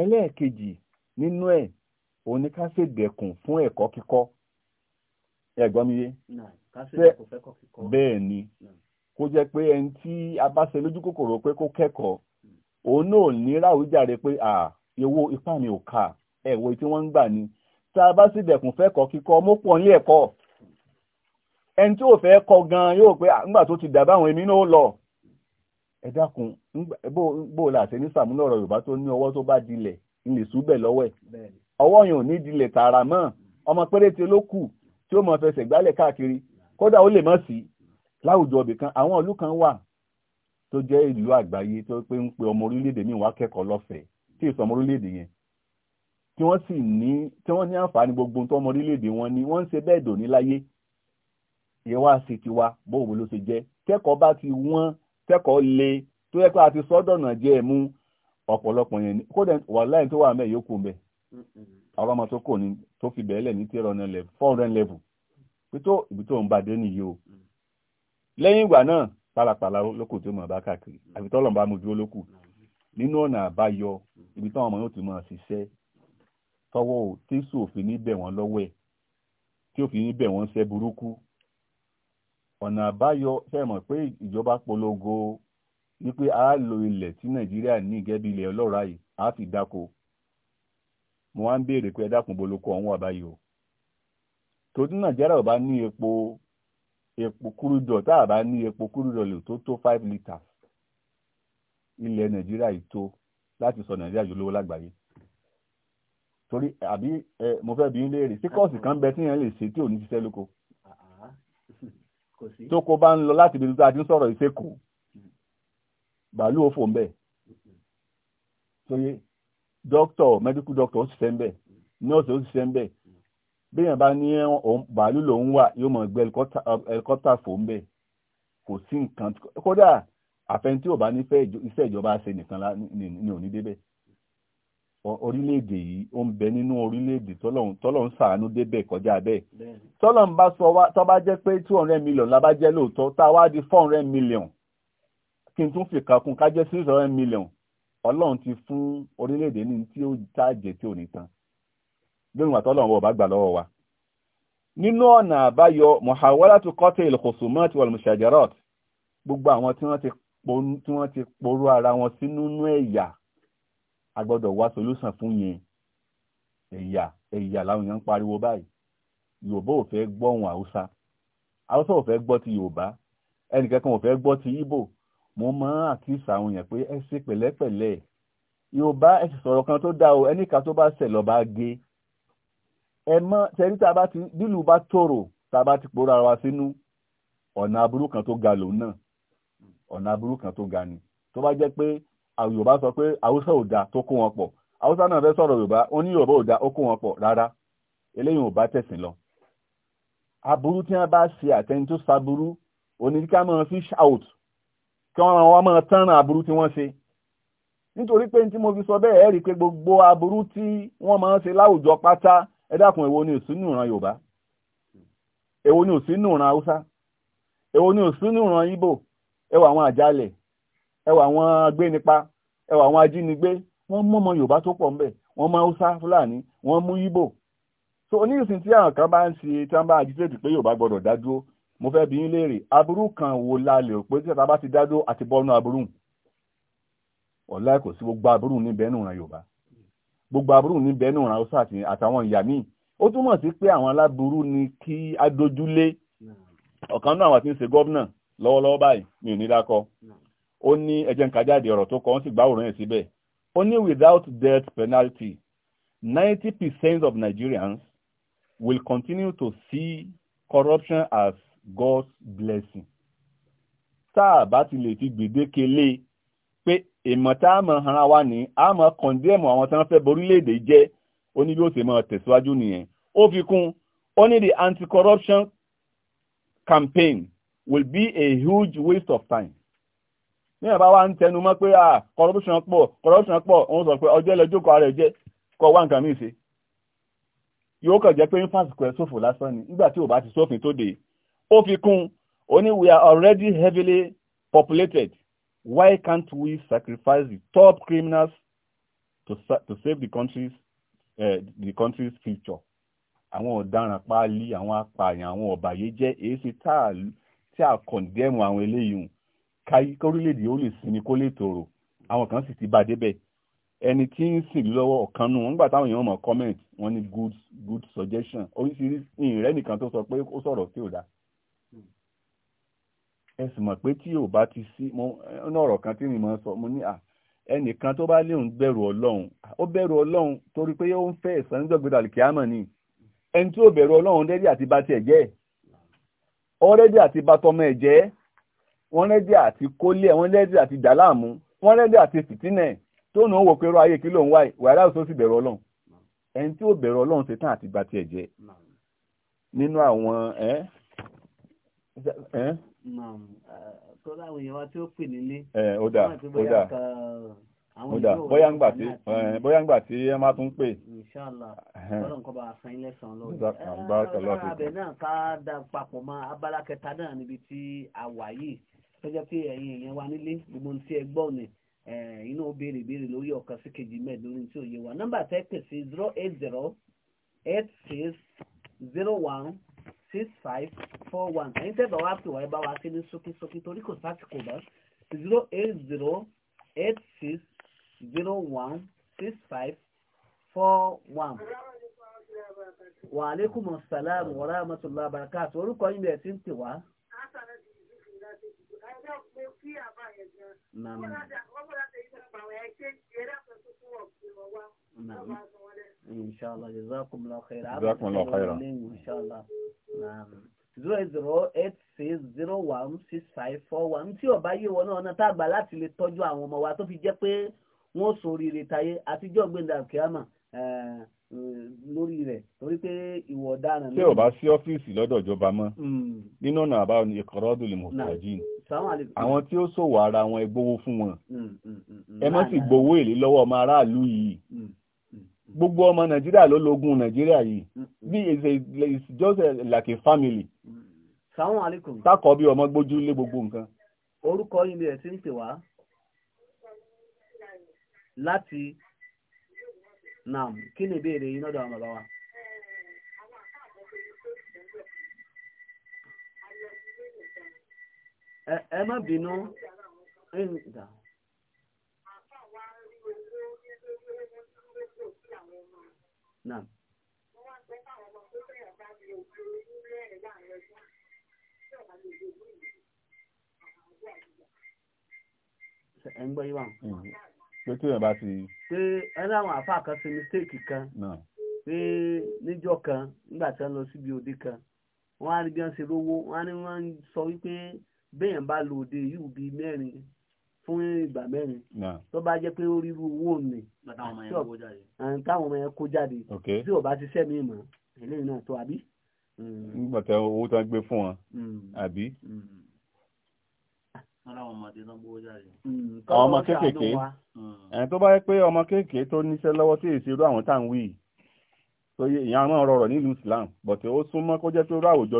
ẹlẹ́ẹ̀kejì nínú ẹ̀ òun ni ká ṣe dẹ̀kùn fún ẹ̀kọ́ kíkọ́ ẹ̀gbọ́n mi yé bẹ́ẹ̀ ni kó jẹ́ pé ẹni tí a bá ṣe lójú kòkòrò pé kó kẹ́kọ̀ọ́ hmm. òun náà ní ráwíjàre pé à owó ipá mi ò kà ẹ̀wọ̀ tí wọ́n ń gbà ni tá a bá sì dẹ̀kùn fẹ́ kọ́ kíkọ́ mo pọ̀ nílé ẹ̀kọ́ ẹni tí ò fẹ́ kọ gan yóò pé nígbà tó ti dàbá àwọn èmi náà lọ ẹ dákun bó o là ṣe ní sàmúlò ọ̀rọ̀ Yorùbá tó ní ọwọ́ tó bá dilẹ̀ ilé ṣùgbẹ̀ lọ́wọ́ ẹ̀ ọwọ́ yẹn ò ní dilẹ̀ tààrà mọ́ ọmọ péréte ló kù tí ó mọ fẹsẹ̀ gbálẹ̀ káàkiri kódà ó lè mọ̀ sí láwùjọ ibì kan àwọn ìlú kan wà tó jẹ́ ìlú àgbáyé tó pé ń pe ọmọ orílẹ̀-èdè míì wá kẹ́kọ̀ọ́ lọ́fẹ̀ẹ́ tí ìsọmọ orílẹ̀-èdè yẹn tí wọ́n sì ní tí wọ́n ní àǹfààní gbogbo tó ọmọ orílẹ̀-èdè wọn ni wọ́n ń ṣe bẹ́ẹ̀ dòní láyé ìyẹn wá sí tiwa bóòwò ló ṣe jẹ́ kẹ́kọ̀ọ́ bá ti wọ́n kẹ́kọ̀ọ́ le tó yẹ pé a sọ́dọ̀nà jẹ́ ẹ̀mú ọ̀pọ̀lọpọ̀ yẹn ni kódà wà láì tó wà mẹ́ẹ̀ yókù bẹ̀ àwọn ọmọ tó kò ní tó fi bẹ̀ẹ́lẹ̀ ní three hundred level four hundred level pé tó ibi tó ń bá dé nìyí o lẹ́yìn ìgbà náà pálapàla lókù tó mọ̀ bá káàkiri àbí tọ́lọ̀ tọwọ́ ò tẹ́sù òfin níbẹ̀ wọ́n lọ́wọ́ ẹ̀ tí òfin níbẹ̀ wọ́n ṣe burúkú ọ̀nà àbáyọ ṣe mọ̀ pé ìjọba polongo ní pé a lo ilẹ̀ tí nàìjíríà ní gẹ́bí ilẹ̀ ọlọ́ràá yìí a fi dáko mo wá ń béèrè pé ẹ dákun boloko ọ̀hún àbáyọ o tòdí nàìjíríà ò bá ní epo epo kúrúdọ̀ tá a bá ní epo kúrúdọ̀ lè tó tó five litres ilẹ̀ nàìjíríà yìí tó láti sọ nàìjíríà yìí lówó lágbàáyé torí àbí ẹ mo fẹ́ bí n léèrè sí kọ́ọ̀sì kan bẹ tí yẹn lè ṣe tí ò ní ṣiṣẹ́ lóko tó kó bá ń lọ láti ibi tó a ti ń sọ̀rọ̀ ìṣekò bàálù òfò ń bẹ̀ tóyé dókítà mẹ́díkù dókítà ó ṣiṣẹ́ ń bẹ̀ nọ́ọ̀sì ó ṣiṣẹ́ ń bẹ̀ béèyàn bá ní bàálù lòún wà yóò mọ̀ gbé ẹlikọ́tà fò ń bẹ̀ kò sí nǹkan kódà àfẹn tí ò bá nífẹ̀ẹ́ iṣẹ́ ìjọba ṣe nìkan ní òní débẹ̀ orílẹ̀-èdè yìí ó ń bẹ nínú orílẹ̀-èdè tọ́lọ̀ ń sàánú débẹ̀ kọjá bẹ́ẹ̀ tọ́lọ̀ ń bá sọ wá tọ́ bá jẹ́ pé two hundred million la bá jẹ́ lóòótọ́ tá a wá di four hundred million kí n tún fi kankun ká jẹ́ six hundred million ọlọ́run ti fún orílẹ̀-èdè ní tí ó táàjẹ̀ tí ò ní tán lórí wàtọ́ ọlọ́run ọba gbà lọ́wọ́ wa. nínú ọ̀nà àbáyọ muhawalatu qatil khusumat wal mushajarat gbogbo a gbọ́dọ̀ wá solúsàn fún yẹn ẹ̀yà ẹ̀yà làwọn èèyàn ń pariwo báyìí yorùbá ò fẹ́ gbọ́ ohun haúsá haúsá ò fẹ́ gbọ́ ti yorùbá ẹnìkankan ò fẹ́ gbọ́ ti ìbò mo máa ń àkíyèsí àwọn èèyàn pé ẹ ṣe pẹ̀lẹ́pẹ̀lẹ́ yorùbá ẹ sì sọ̀rọ̀ kan tó dáa o ẹnìka tó bá ṣẹ̀ lọ́ba gé ẹ mọ́ tẹ́rí tá a bá ti nílùú bá tòrò tá a bá ti pòórá wa sínú ọ̀nà aburú kan tó ga lòun náà ọ̀nà aburú kan tó ga ni tó bá jẹ́ pé yorùbá sọ pé haúsá ò dáa tó kó wọn pọ̀ haúsá náà fẹ́ sọ̀rọ̀ yorùbá ó ní yorùbá ò ó kó wọn pọ̀ rárá eléyìí ò bá tẹ̀sìn lọ. aburú tí wọn bá ṣe àtẹni tó saburú oníkíkà máa fish out kí wọ́n wá máa tán aburú tí wọ́n ṣe nítorí pé tí mo fi sọ bẹ́ẹ̀ ẹ rí i pé gbogbo aburú tí wọ́n máa ṣe láwùjọ pátá ẹ dákun èwo ni òsínú ìran yorùbá èwo ni òsínú ìran haúsá èwo ni òsínú ìran ibo ẹ wà àwọn àjálẹ̀ ẹwà àwọn agbénipa ẹwà àwọn ajínigbé wọ́n mú ọmọ yorùbá tó pọ̀ ńbẹ̀ wọ́n mú haúsá fúlàní wọ́n mú yíbò so oníṣìn tí àwọn kan bá ń ṣe tí wọ́n bá agitate pé yorùbá gbọ́dọ̀ dádúró mo fẹ́ bi yín léèrè aburú kan wo la lè rò pé tí ìjọba ti dádúró àti bọ́nú aburú ọ̀la kò sí gbogbo aburú ní bẹ́ẹ̀ nù ràn yorùbá gbogbo aburú ní bẹ́ẹ̀ nù haúsá àtàwọn ìyá míì ó túmọ̀ sí pé àwọn aláburú ni kí adójúlé ọ̀kan náà àwọn tí ń ṣe gọ́vnà ó ní ẹjẹ́ ń kájáde ọ̀rọ̀ tó kọ́ wọ́n sì gbáwòrán yẹn síbẹ̀ ó ní without death penalty ninety percent of Nigerians will continue to see corruption as God's blessing tá a bá ti lè fi gbèdéke lé e pé èèmọ̀ tá a mọ̀ ara wa ní a mọ̀ kọ̀ndẹ́mù àwọn tí wọ́n fẹ́ borílẹ̀-èdè jẹ́ ó ní bí ó ṣe máa tẹ̀síwájú nìyẹn ó fi kún ó ní the anti-corruption campaign will be a huge waste of time ní ẹ̀bá wa ń tẹnu mọ́ pé ah, corruption pọ̀ corruption pọ̀ òun sọ pé ọjọ́ ẹlẹ́jọ́ ara ẹ̀ jẹ́ kọ́ wá nǹkan mí ṣe yóò kàn jẹ́ pé ń fàsìkò ẹ̀ lásán ni nígbà tí ò bá ti sófin tó dé ó fi kún ó we are already heavily populated why can't we sacrifice the top criminals to, to save the country's, uh, the country's future àwọn ọ̀daràn páálí àwọn apààyàn àwọn ọ̀bàyéjẹ́ èyí sí tá a kọ̀ndẹ́mù àwọn eléyìí káyí kórílẹ̀-èdè ó lè sinmi kó lè tòrò àwọn kan sì ti bá débẹ̀ ẹni tí ń sìn lọ́wọ́ ọ̀kan nù wọ́n gbà táwọn èèyàn mọ̀ comment wọ́n ní good good suggestion oríṣiríṣi ìrẹ́ nìkan tó sọ pé ó sọ̀rọ̀ tí ò dáa ẹ sì mọ̀ pé tí ò bá ti sí mo ní ọ̀rọ̀ kan tí mi máa sọ mo ní à ẹnìkan tó bá léun bẹ̀rù ọlọ́run ó bẹ̀rù ọlọ́run torí pé ó ń fẹ́ ẹ̀san nígbàgbọ́dọ̀ àlùkìyámọ̀ ni ẹni tí ò bẹ̀rù ọlọ́run rẹ́dí àti bá tiẹ̀ jẹ́ ọ̀rẹ́dí àti bá tọmọ ẹ̀ jẹ́ wọ́n rẹ́dí àti kólé ẹ̀ wọ́n rẹ́dí àti dàláàmú wọ́n rẹ́dí àti fìtínẹ̀ tó nà ó wọ̀ pé rọ ayé kí ló ń wáyé wàhálà ó sì bẹ̀rù ọlọ́run ẹni tí ó bẹ̀rù ọlọ́run ṣe tán àti gba tiẹ̀ jẹ́ nínú àwọn ẹ́ ẹ́. tó láwọn èèyàn wa tí ó pè nílé. ẹ ó dà ó dà ó dà bóyá ń gbà tí bóyá ń gbà tí ẹ má tún pè. inshallah ọlọ́run kọ́ bá a san ilé san lọ́wọ́. ẹ ẹ abẹ náà ká dà papọ̀ mọ́ abala kẹta náà níbi tí a wà yìí tọ́jọ́ pé ẹ̀yin èèyàn wa nílé gbogbo tí ẹ gbọ́ ni inú béèrè béèrè lórí ọ̀kan sí kejì mẹ́ẹ̀ lórí tí ò yé wa nọ́mbà tẹ́ pè sí zero eight zero eight six zero one six five four one ẹ̀yin tẹ́ bá wá pè wá ẹ bá wa sí ní ṣókíṣókí torí kò sáà ti kò bá zero eight zero eight six zero one six five four one. wa aleykum salaam wa rahmatulah barakatu orúkọ yín bẹ̀rẹ̀ sí ń tè wá. نعم ان zero zero eight six zero one six five four one tí ọba yìí wọ náà ọ̀nà tá a gbà láti lè tọ́jú àwọn ọmọ wa tó fi jẹ́ pé wọ́n ṣoríire táyé àtijọ́ gbẹ̀dà kíámà eh, lórí rẹ̀ torí pé ìwọ ọ̀daràn. tí ò bá sí ọ́fíìsì lọ́dọ̀ ìjọba mọ́ hmm. nínú ọ̀nà àbá ìkọ̀rọ̀dùn lè mọ̀ fàájì àwọn tí ó ṣòwò ara wọn ẹ gbowó fún wọn mm, mm, mm, ẹ má sì gbowó èlé lọ́wọ́ ọmọ aráàlú yìí gbogbo ọmọ nàìjíríà ló lógún nàìjíríà yìí bí it's just like a family. sàwọn àlékún. sákọ bí ọmọ gbójú lé gbogbo nǹkan. orúkọ yìí ni ẹ ti ń pè wá láti nam kí ni ìbéèrè yìí lọ́dọ̀ àwọn bàbá wa. ẹ má bínú ẹ̀ǹdà. ẹ ń gbọ́ yí pé tí ẹ ti. pé ẹ láwọn àáfàá kan ṣe mistake kan. pé níjọ́ kan nígbà tí wọ́n lọ síbi òde kan wọ́n á rí bí wọ́n ṣe lówó wọ́n á ní wọ́n sọ wípé bẹ́ẹ̀ bá lo òde yìí bí mẹ́rin fún ìgbà mẹ́rin tó bá jẹ́ pé ó rí irú owó ni táwọn ọmọ yẹn kó jáde tí ò bá ti sẹ́mi mọ́ eléyìí náà tó àbí. Hmm. nígbà tí owó tó ń gbé fún wọn hmm. àbí. Hmm. ọmọ kéékèèké ẹni tó bá yẹ pé ọmọ kéékèèké tó níṣẹ́ lọ́wọ́ tí èsì irú àwọn tá à ń wí yìí so ìyẹn àwọn ọ̀rọ̀ rọ̀ nílùú Islam but ó súnmọ́ kó jẹ́ pé ó rà àwùjọ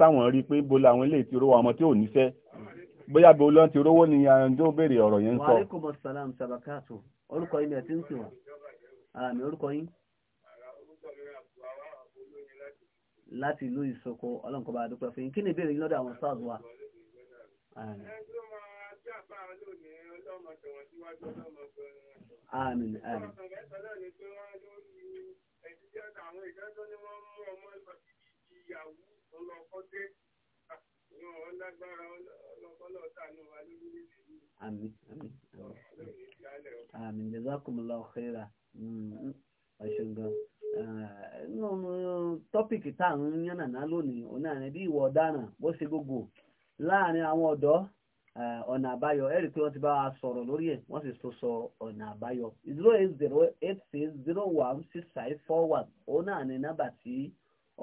táwọn rí pé bó làwọn ilé ìtiró ọmọ tí ò níṣẹ́ bóyá bó lọ́n ti rówó ni àwọn tó béèrè ọ̀rọ̀ yẹn ń sọ. wàhálà kòmọ̀ sàlám sàbàkàtù orúkọ ilẹ̀ tí ń sìn wá àmì ah, orúkọ yín láti ìlú ìsoko ọlọ́nkọba àdúpẹ́ fún yín kí ni ìbéèrè yín lọ́dọ̀ àwọn sáàzù wa. àmín àmín tí àwọn ìdájọ́ ni wọ́n mú ọmọ lọ sí ibi ìyàwó ọlọ́kọ́ dé ah, ìwọ̀n wọn lágbára ọlọ́kọ́ lọ́ọ́ sànù wa lórí ìlú. àmín àmín àmín jazakumullahu khaira ọ̀ṣun hmm, gan nínú eh, tọ́pìkì tá à ń yànnàná lónìí òun náà ní bí ìwà ọ̀daràn bó ṣe gbogbo láàrin àwọn ọ̀dọ́ Eh, ọ̀nà àbáyọ ẹ̀rí pé wọ́n ti bá a sọ̀rọ̀ lórí ẹ̀ wọ́n sì sọ ọ̀nà àbáyọ zero eight zero eight six zero one six five four one òun ni nọ́mbà tí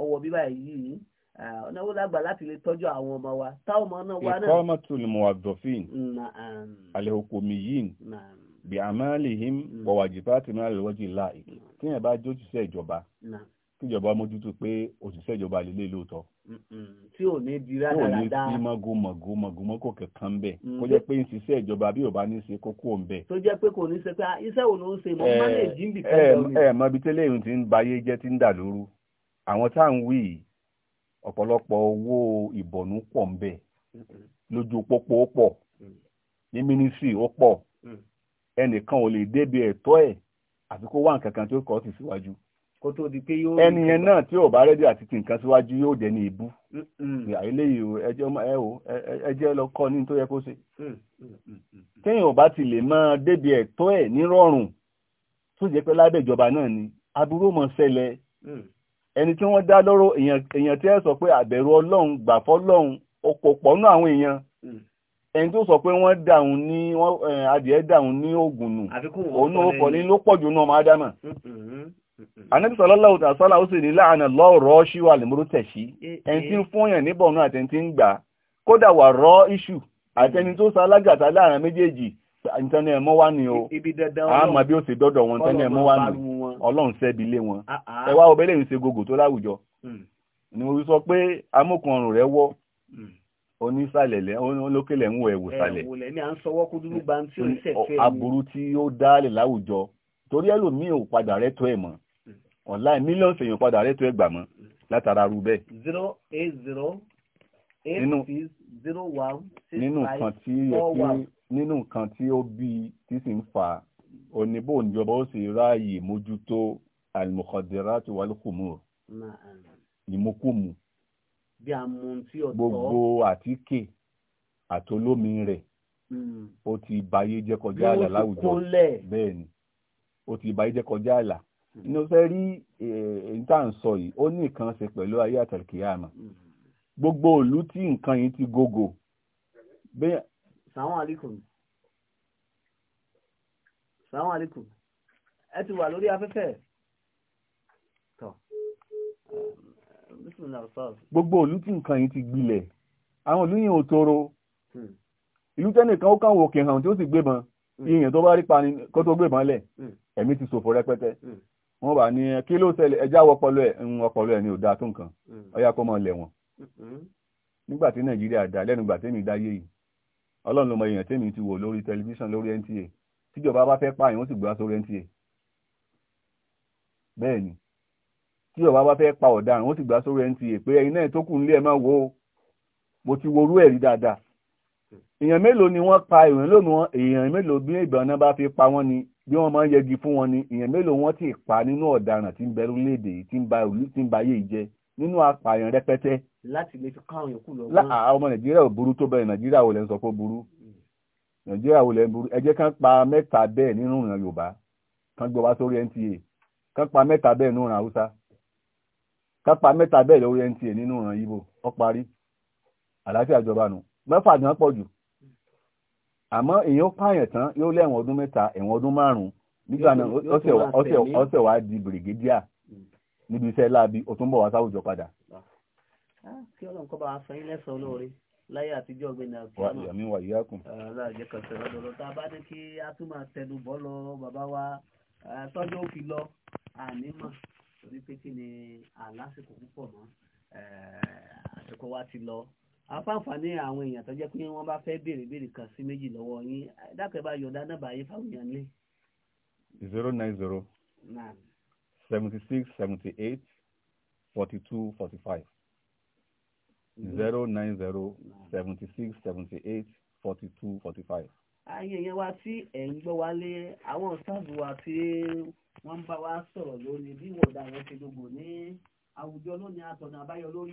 ọwọ́ bíbá yìí eh, lágbà láti lè tọ́jú àwọn ọmọ wa táwọn ọmọ náà wá náà. iqamatul muwazzafin yin hukumiyyin bi amalihim wa wajibatin ala alwaji laik tí yẹn bá jó òṣìṣẹ́ ìjọba mójútó pé òṣìṣẹ́ ìjọba lè lóòótọ́ tí ò ní di rádaràda tí mago mago di magomago magomago kankan bẹ́ẹ̀ mm. kó jẹ́ pé ń ṣiṣẹ́ ìjọba bí ò bá ní ṣe kókó ń bẹ. tó jẹ́ pé kò ní ṣe pé ah, iṣẹ́ wo ló ń ṣe mọ́ mánéjì ń bì kẹ́kẹ́ omi. ẹ ẹ mọ ibi tẹ́lẹ̀ ìhun ti ń bayé jẹ́ ti ń dà lóru àwọn tá à ń wí ọ̀pọ̀lọpọ̀ owó ìbọ̀nú pọ̀ ń bẹ lójú pópó ó pọ̀ mm. ní mínísírì ó pọ̀ mm. ẹnìkan ò lè débi ẹ̀tọ́ ẹ̀ àfi kó wá nǹkan kan tí kọ́ sí síwájú kó tó di pé yóò. ẹnìyẹn náà tí ò bá rẹ́dí àti ti nǹkan síwájú yóò dẹ̀ ní ìbú. àìléyìí o ẹjẹ́ ẹ o ẹjẹ́ lọ kọ́ ní tó yẹ kó ṣe. téèyàn ò bá ti lè máa débi ẹ̀tọ́ ẹ̀ nírọ̀rùn tó jẹ́ pé lábẹ́ ìjọba náà ni aburú mọ̀ ṣẹlẹ̀ mm. ẹni tí wọ́n dá lóró èèyàn tí ẹ sọ pé àbẹ̀rù ọlọ́run gbàfọ́ ọlọ́run ọkọ̀ pọ̀nú àwọn èèyàn mm. ẹni tó sọ pé wọ́n dàrún ní adìẹ dàrún ní ògùn nù òun náà kọ̀ ní ló pọ̀jù náà máa dámà Mm-hmm. ànábì sallallahu alaihi wasallam ó sì ní láàánà lọ́rọ̀ ṣíwà lèmúrú tẹ̀sí ẹni tí ń fúnyàn níbọ̀nú àtẹni tí ń gbà kódà wà rọ́ iṣu àtẹni tó salágàtà láàrin méjèèjì ìtẹ́ni ẹ̀mọ́ wá ní o àmà bí ó sì dọ́dọ̀ wọn ìtẹ́ni ẹ̀mọ́ wá ní ọlọ́run sẹ́bi lé wọn ah, ah. ẹwà obìnrin ń ṣe gògò tó láwùjọ hmm. ni mo sọ pé amókun ọrùn rẹ wọ́ hmm. onísàlẹ̀lẹ̀ olókèlẹ̀ ń wo ẹ̀wò sàlẹ̀ aburú tí ó dálẹ̀ láwùjọ torí ẹlòmíì ò padà rẹ́ tó ẹ̀ mọ́ ọ̀la mílíọ̀nù èèyàn padà rẹ̀ tó ẹgbà mọ́ látara ru bẹ́ẹ̀. zero eight zero eight six zero one six five four one. nínú nǹkan tí ó bí tí sì ń fa oníbò ìjọba ó sì ráàyè mójútó al-mukhadirat wal-khumur ìmúkùmù gbogbo àtíkè àtolómi rẹ̀ hmm. ó ti bayé jẹ́ kọjá àlà láwùjọ bẹ́ẹ̀ ni ó ti bayé jẹ́ kọjá àlà n'ofe ri fẹ́ rí nta e, ń sọ yìí ó ní nǹkan ṣe pẹ̀lú ayé àtàlùkìyàmà gbogbo ìlú tí nǹkan yìí ti gógó. sàwọn àlékún sàwọn àlékún ẹ ti wà lórí afẹ́fẹ́ tọ̀ gbogbo ìlú tí nǹkan yìí ti gbilẹ̀ àwọn ìlú yìí ò tóró hmm. ìlú kan ó kàn wò kìhàn tí ó sì gbébọn iye hmm. yẹn tó bá rí pa ni kó tó gbébọn lẹ̀ hmm. ẹ̀mí ti ṣòfò rẹpẹtẹ. wọ́n wà ní kí ló ṣẹlẹ̀ ẹjá ọpọlọ ẹ̀ ń ọpọlọ ẹ̀ ní òdá tó nǹkan ọyá mm-hmm. kó mọ lẹ̀ wọ́n mm-hmm. nígbà tí nàìjíríà dá lẹ́nu ìgbà tẹ́mi dáyé yìí ọlọ́run ló mọ èèyàn tẹ́mi ti wò lórí tẹlifíṣàn lórí NTA tíjọba bá fẹ́ pààyàn ó sì gbà sórí NTA bẹ́ẹ̀ ni tíjọba bá fẹ́ pa ọ̀daràn ó sì gbà sórí NTA pé ẹ̀yin náà tó kù nílé ẹ̀ máa wo mo ti worú ẹ̀rí dáadáa mm. èèyàn mélòó ni wọ́n pa èèyàn mélòó bí ìbọn náà bá fi pa wọ́n ni bí wọ́n máa ń yẹgi fún wọn ni èèyàn mélòó wọn ti pa nínú ọ̀daràn tí ń bẹ lórílẹ̀‐èdè yìí tí ń ba ìlú tí ń ba ayé jẹ nínú apààyàn rẹpẹtẹ. láti lè fi káwọn yòókù lọ. láà ọmọ nàìjíríà ò burú tó bẹ́ẹ̀ nàìjíríà ò lẹ́ ń sọ pé ó burú nàìjíríà ò lẹ́ ń burú ẹ jẹ́ pa mẹ́ta bẹ́ẹ̀ nínú ìran yorùbá kán gbé wá sórí NTA kán pa mẹ́ta bẹ́ẹ̀ nínú ìran haúsá kán pa mẹ́ta bẹ́ẹ̀ lórí NTA nínú ìran ibo ó parí àlàáfíà ìjọba nù mẹ́fà gan pọ̀ jù àmọ́ èèyàn pààyàn tán yóò lẹ́wọ̀n ọdún mẹ́ta ẹ̀wọ̀n ọdún márùn-ún nígbà náà ọ̀sẹ̀ wá di brigadier hmm. níbi iṣẹ́ láabi ó tún bọ̀ wá sáwùjọ padà. Ah. Ah, kí ọlọ́run kọ́ bá wa sọ yín lẹ́sàn-án olóore láyé àtijọ́ ọ̀gbẹ́ni àkùnrin àmì wà yíyá kù. aláàjẹ kan sọ̀rọ̀ lọ́dọ̀ tá a bá ní kí a tún máa tẹnu bọ́ lọ bàbá wa eh, tọ́jú ó fi lọ ànímọ̀ torí pé kí ni àlásìkò púpọ̀ mọ́ eh, àsìkò wa ti lọ afáǹfààní àwọn èèyàn tó jẹ́ pé wọ́n bá fẹ́ béèrè béèrè kan sí méjì lọ́wọ́ yín dákẹ́ bá yọ̀dá náà báyé fáwọn èèyàn lé. zero nine zero seventy six seventy eight forty two forty five zero nine zero seventy six seventy eight forty two forty five. ayé yẹn wá tí ẹ̀ ń gbọ́ wálé àwọn sáàbù wa tí wọ́n ń bá wa sọ̀rọ̀ lórí bí wọ̀dà yẹn ṣe gbogbo ní àwùjọ lónìí àtọ̀nà àbáyọ lórí.